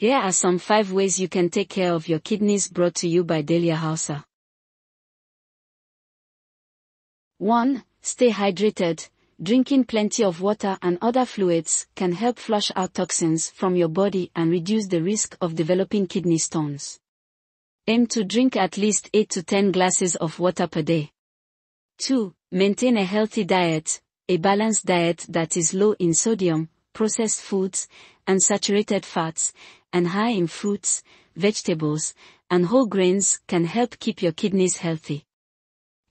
Here are some 5 ways you can take care of your kidneys brought to you by Delia Hauser. 1. Stay hydrated. Drinking plenty of water and other fluids can help flush out toxins from your body and reduce the risk of developing kidney stones. Aim to drink at least 8 to 10 glasses of water per day. 2. Maintain a healthy diet, a balanced diet that is low in sodium, processed foods, unsaturated fats, and high in fruits, vegetables, and whole grains can help keep your kidneys healthy.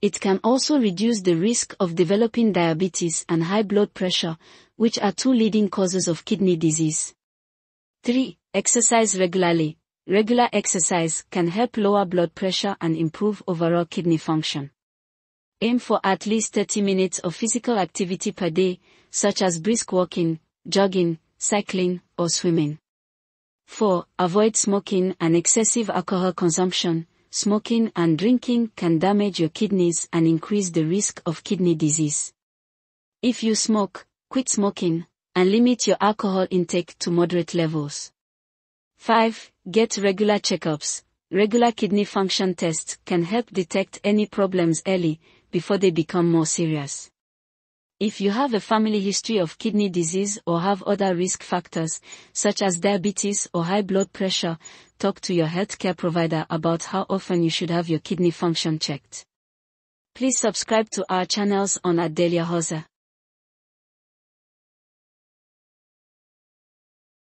It can also reduce the risk of developing diabetes and high blood pressure, which are two leading causes of kidney disease. 3. Exercise regularly. Regular exercise can help lower blood pressure and improve overall kidney function. Aim for at least 30 minutes of physical activity per day, such as brisk walking, jogging, cycling, or swimming. 4. Avoid smoking and excessive alcohol consumption. Smoking and drinking can damage your kidneys and increase the risk of kidney disease. If you smoke, quit smoking, and limit your alcohol intake to moderate levels. 5. Get regular checkups. Regular kidney function tests can help detect any problems early, before they become more serious. If you have a family history of kidney disease or have other risk factors, such as diabetes or high blood pressure, talk to your healthcare provider about how often you should have your kidney function checked. Please subscribe to our channels on Adelia Hoser.